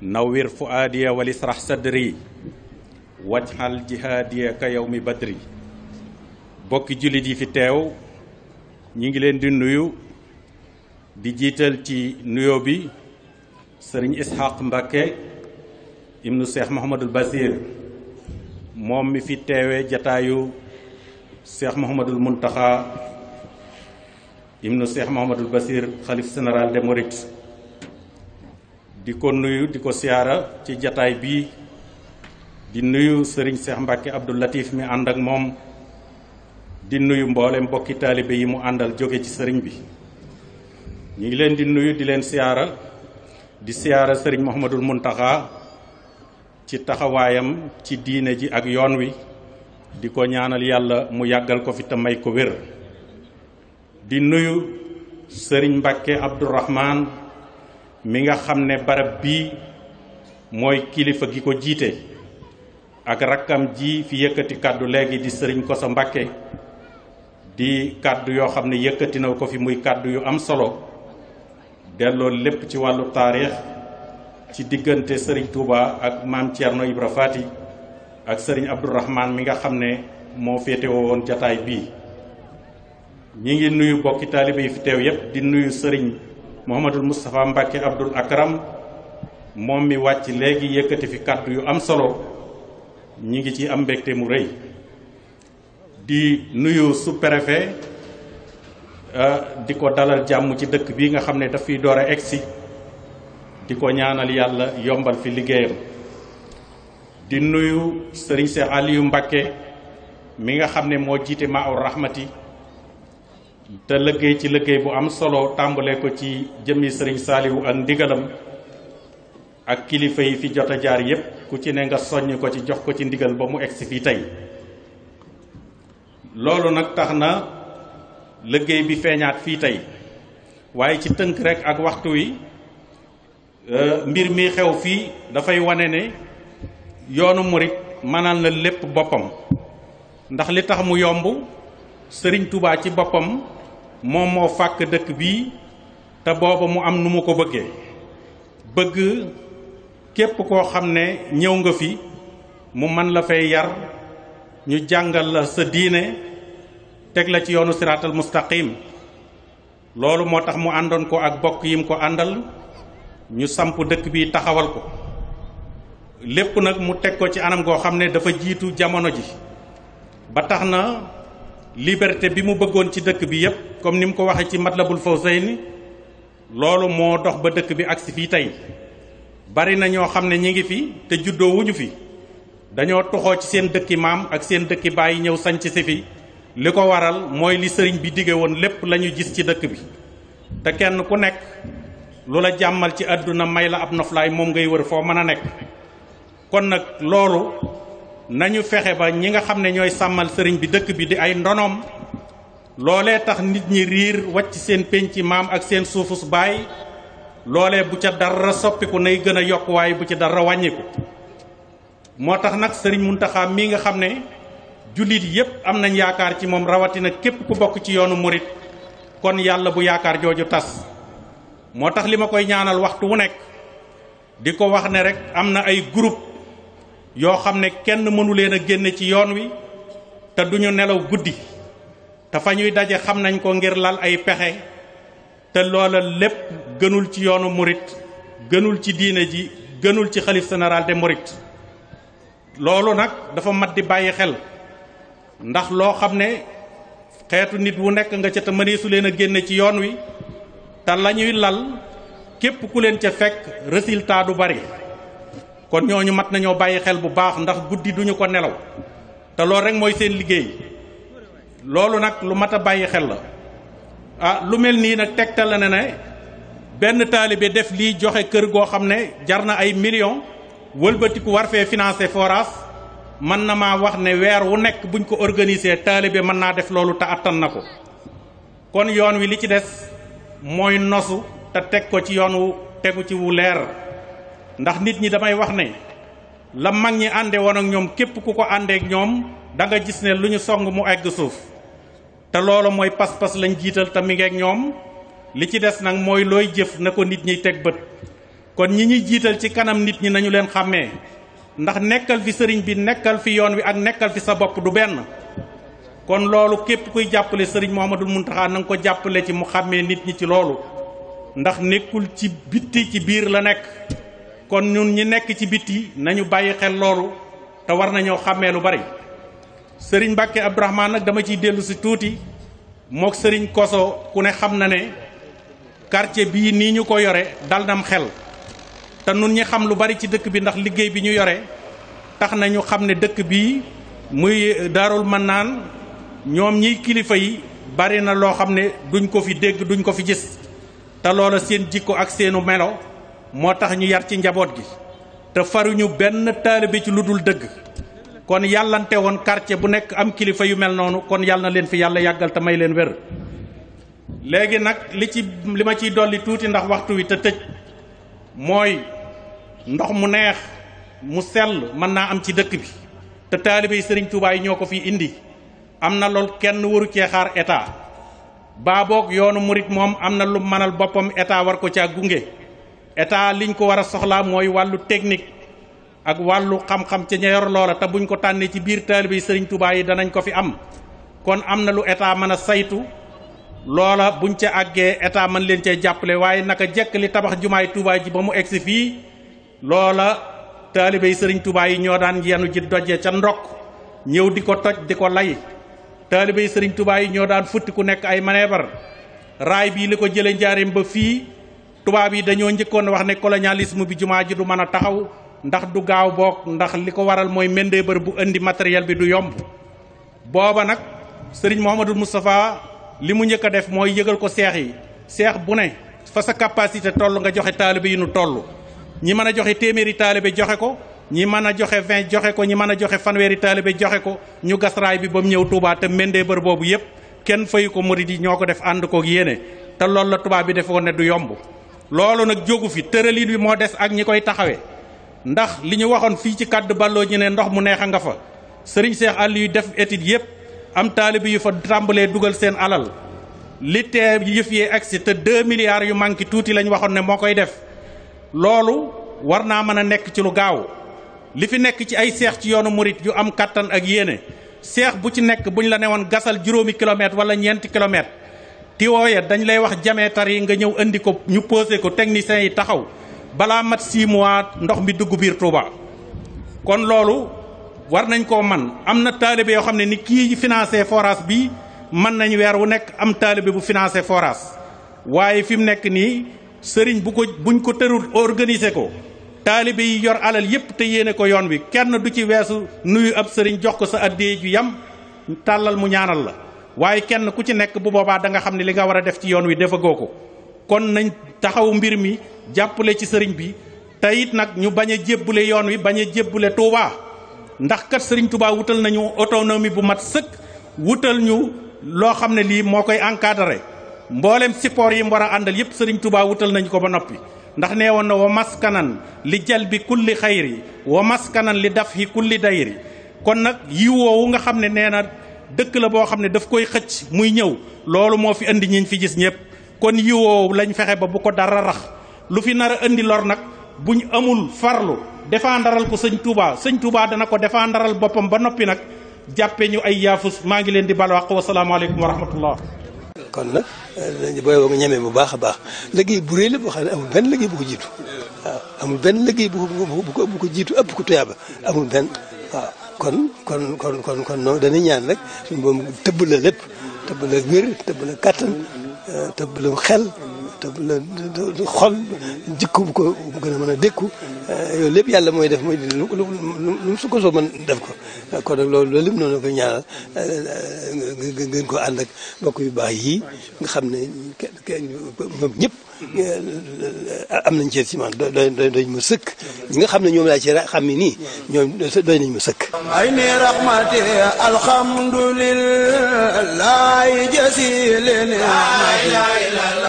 fu nawwir fuaadiya wa lisrax sadri wajxal jihaadiya ka yawmi badri bokki jullit yi fi teew ñi ngi leen di nuyu di jiital ci nuyo bi sëriñ Isxaq Mbakke ibnu Cheikh Mouhamadul Basir moom mi fi teewee jataayu Cheikh Mouhamadul Muntaxa ibnu seex Mouhamadul Basir xalif général des Mourides di ko nuyu di ko siyaara ci jataay bii di nuyu sëriñ Seex Mbàkke Abdou Latif mi ànd ak moom di nuyu mboolem mbokki taalibe yi mu àndal jóge ci sëriñ bi ñu ngi leen di nuyu di leen siyaara di siyaara sëriñ Mouhamadul Muntaxa ci taxawaayam ci diine ji ak yoon wi di ko ñaanal yàlla mu yàggal ko fi te may ko wér di nuyu sëriñ Mbàkke Abdourahman mi nga xam ne barab bii mooy kilifa gi ko jiite ak rakkam ji fi yëkkati kàddu léegi di sëriñ ko sa Mbàkke di kàddu yoo xam ne yëkkati na ko fi muy kàddu yu am solo delloo lépp ci wàllu taarix ci diggante sëriñ Touba ak maam Thierno Ibra Fati ak sëriñ Abdourahman mi nga xam ne moo féetewoo woon jataay bii ñi ngi nuyu bokki taalibe yi fi teew yépp di nuyu sëriñ Mouhamadul mustafa Mbacke Abdoul Akram moom mi wàcc léegi yëkkati fi kàddu yu am solo ñi ngi ci am mbégte mu rëy di nuyu sous-préfet ah, di ko dalal jàmm ci dëkk bi nga xam ne daf fiy door a egsi di ko ñaanal yàlla yombal fi liggéeyam di nuyu Serigne Cheikh Aliou Mbacke mi nga xam ne moo jiite Maa-ul te liggéey ci liggéey bu am solo tàmbale ko ci jëmmi sëriñ saaliwu ak ndigalam ak kilifa yi fi jot a jaar yépp ku ci ne nga soññ ko ci jox ko ci ndigal ba mu egsi fii tey loolu nag tax na liggéey bi feeñaat fii tey waaye ci tënk rek ak waxtu wi euh, mbir mi xew fii dafay wane ne yoonu murit mënal na lépp boppam ndax li tax mu yomb Sëriñ tubaa ci boppam moom moo fàkk dëkk bii te booba mu am nu mu ko bëggee bëgg képp koo xam ne ñëw nga fi mu man la fay yar ñu jàngal la sa diine teg la ci yoonu siraatal mustaqim loolu moo tax mu àndoon ko ak bokk yim ko àndal ñu samp dëkk bi taxawal ko lépp nag mu teg ko ci anam goo xam ne dafa jiitu jamono ji ba tax na liberte bi mu bëggoon ci dëkk bi yépp comme ni mu ko waxee ci la Matlabul ni loolu moo dox ba dëkk bi agsi fii tey bari na ñoo xam ne ñi ngi fii te juddoo wuñu fi dañoo toxoo ci seen dëkki maam ak seen dëkki bàyyi ñëw sañc si fi li ko waral mooy li sëriñ bi dige woon lépp la gis ci dëkk bi te kenn ku nekk lu la jàmmal ci àdduna may la ab noflaay moom ngay wër foo mën a nekk kon nag loolu nañu fexe ba ñi nga xam ne ñooy sàmmal sëriñ bi dëkk bi di ay ndonoom loolee tax nit ñi riir wàcc seen pénc maam ak seen suufus baay loole bu ca dara soppiku nay gën a yokk bu ci dara wàññiku moo tax nag sëriñ Muntaxa mii nga xam ne jullit yépp am nañ yaakaar ci moom rawatina képp ku bokk ci yoonu murit kon yàlla bu yaakaar jooju tas moo tax li ma koy ñaanal waxtu wu nekk di ko wax ne rek am na ay groupe yoo xam ne kenn mënu leen a génne ci yoon wi te duñu nelaw guddi dafa ñuy daje xam nañu ko ngir lal ay pexe te loola lépp gënul ci yoonu murit gënul ci diine ji gënul ci xalif général de murit loolu nag dafa mat di bàyyi xel ndax loo xam ne xeetu nit wu nekk nga ca te mëneesu leen a génne ci yoon wi te lañuy lal képp ku leen ca fekk résultat du bari kon ñooñu mat nañoo bàyyi xel bu baax ndax guddi duñu ko nelaw te loolu rek mooy seen liggéey loolu nag lu mat a bàyyi xel la ah lu mel nii nag tegtal la ne ne benn taalibe def lii joxe kër goo xam ne jar na ay millions wëlbatiku war fee financer forage mën na maa wax ne weer wu nekk buñ ko organiser taalibe mën naa def loolu te attan na ko kon yoon wi li ci des mooy nosu te teg ko ci yoon wu tegu ci wu leer ndax nit ñi damay wax ne la mag ñi ànde woon ak ñoom képp ku ko àndeek ñoom danga gis ne lu ñu song mu egg suuf te loolu mooy pas-pas lañ jiital te mi ñoom li ci des nag mooy looy jëf na ko nit ñi teg bët kon ñi ñuy jiital ci kanam nit ñi nañu leen xàmmee ndax nekkal fi sëriñ bi nekkal fi yoon wi ak nekkal fi sa bopp du benn kon loolu képp kuy jàppale sëriñ Mouhamadou Mountakha na nga ko jàppale ci mu xàmmee nit ñi ci loolu ndax nekkul ci bitti ci biir la nekk kon ñun ñi nekk ci biti nañu bàyyi xel loolu te war nañoo xàmmee lu bari sëriñ Mbàkke Abdourahmane nag dama ciy dellusi tuuti moo sëriñ Koso ku ne xam na ne quartier bii nii ñu ko yore dal am xel te nun ñi xam lu bari ci dëkk bi ndax liggéey bi ñu yore tax nañu xam ne dëkk bii muy Daarul naan ñoom ñiy kilifa yi bari na loo xam ne duñ ko fi dégg duñ ko fi gis te loola seen jikko ak seenu melo moo tax ñu yar ci njaboot gi te faruñu benn taalibe ci lu dul dëgg kon yàllante woon quartier bu nekk am kilifa yu mel noonu kon yàlla na leen fi yàlla yàggal te may leen wér léegi nag li ci li ma ciy dolli tuuti ndax waxtu wi te tëj mooy ndox mu neex mu sell mën naa am ci dëkk bi te taalibe yi Sëriñ Tuubaa ñoo ko fi indi am na lool kenn waru cee xaar état baaboog yoonu murit moom am na lu mënal boppam état war ko caa gunge état liñ ko war a soxlaa mooy wàllu technique ak wàllu xam-xam ca ña yor loola te buñ ko tànnee ci biir taalibe yi sëriñ Tuubaa yi danañ ko fi am kon am na lu état mën a saytu loola buñ ca àggee état mën leen cee jàppale waaye naka jekk li tabax jumaay Tuubaa ji ba mu egsi fii loola taalibe yi sëriñ Tuubaa yi ñoo daan yenu ji doje ca ndokk ñëw di ko toj di ko lay taalibe yi sëriñ Tuubaa yi ñoo daan futti ku nekk ay maneebar raay bii li ko jëlee njaareem fii tubaab yi dañoo njëkkoon wax ne colonialisme bi jumaa ji du mën a taxaw ndax du gaaw boog ndax li ko waral mooy main-d'œuvre bu indi matériel bi du yomb booba nag sëriñ Mouhamadou Moustapha li mu njëkk a def mooy yëgal ko seex yi seex bu ne fa sa capacité toll nga joxe taalibe yi nu toll ñi mën a joxe téeméeri taalibe joxe ko ñi mën a joxe vin joxe ko ñi mën a joxe fanweeri taalibe joxe ko ñu gas bi ba mu ñëw Touba te main boobu yépp kenn fayu ko murid yi ñoo ko def ànd koog yéene te loolu la tubaab bi defoon ne du yomb loolu nag jógu fi tëralin bi moo des ak ñi koy taxawee ndax li ñu waxoon fii ci kàdd balloo ñu ne ndox mu neex a nga fa sëriñ Seex àll yu def étude yëpp am taalibe yu fa tàmbalee dugal seen alal li tee yëf yee agsi te 2 milliards yu manqué tuuti lañ waxoon ne moo koy def loolu war naa mën a nekk ci lu gaaw li fi nekk ci ay seex ci yoonu murit yu am kattan ak yéene seex bu ci nekk buñ la ne woon gasal juróomi kilomètre wala ñeenti kilomètre tiwoo ya dañ lay wax diamètre yi nga ñëw indi ko ñu posé ko techniciens yi taxaw balaa mat 6 mois ndox mi dugg biir Touba kon loolu war nañ ko man am na taalibe yoo xam ne ni kii financé forage bi mën nañu weer wu nekk am taalibe bu financé forage waaye fi mu nekk nii sëriñ bu ko buñ ko tërul organiser ko taalibe yi yor alal yépp te yéene ko yoon wi kenn du ci weesu nuyu ab sëriñ jox ko sa addiyee ju yam tàllal mu ñaanal la waaye kenn ku ci nekk bu boobaa da nga xam ne li nga war a def ci yoon wi defagoo ko kon nañ taxawu mbir mi jàppale ci sëriñ bi te it nag ñu bañ a jébbule yoon wi bañ a jébbule Touba ndax kat sëriñ tubaa wutal nañu autonomie bu mat sëkk wutal ñu loo xam ne lii moo koy encadré mboolem support yi mu war a àndal yépp sëriñ Touba wutal nañu ko ba noppi ndax nee woon na wa maskanan li jal bi kulli xayri wa maskanan li daf hi kulli dayri kon nag yi dëkk la boo xam ne daf koy xëcc muy ñëw loolu moo fi indi ñiñ fi gis ñëpp kon yiwoo lañ fexe ba bu ko dara rax lu fi nar a indi lor nag buñ amul farlu défendaral ko sëñ Touba sëñ Touba dana ko défendaral boppam ba noppi nag jàppe ñu ay yaafus maa ngi leen di bal wax wasalaamaaleykum wa rahmatullah kon nag booy boo nga ñemee bu baax a baax liggéey bu réy xam ne amul benn liggéey bu ko jiitu waaw amul benn liggéey bu ko bu ko jiitu ëpp ko tuyaaba amul kon kon kon kon kon noonu dañuy ñaan rek suñu boom tëbb la lépp tëbb la wér tëbb la kattan tëbb la xel te xol jikko bu ko gën a mën a dékku euh, yooyu lépp yàlla mooy def mooy lu lu lu ko soo mën def ko kon nag loolu loolu lépp noonu la koy euh, gën ko ànd ak mbokk yu baax yii nga xam ne ñoom ñëpp euh, am nañ ceet ci man xam ne ñoom laa ci xam ne nii ñoom doy nañ ma sëkk ay ni rahmati alhamdulillah jasi leen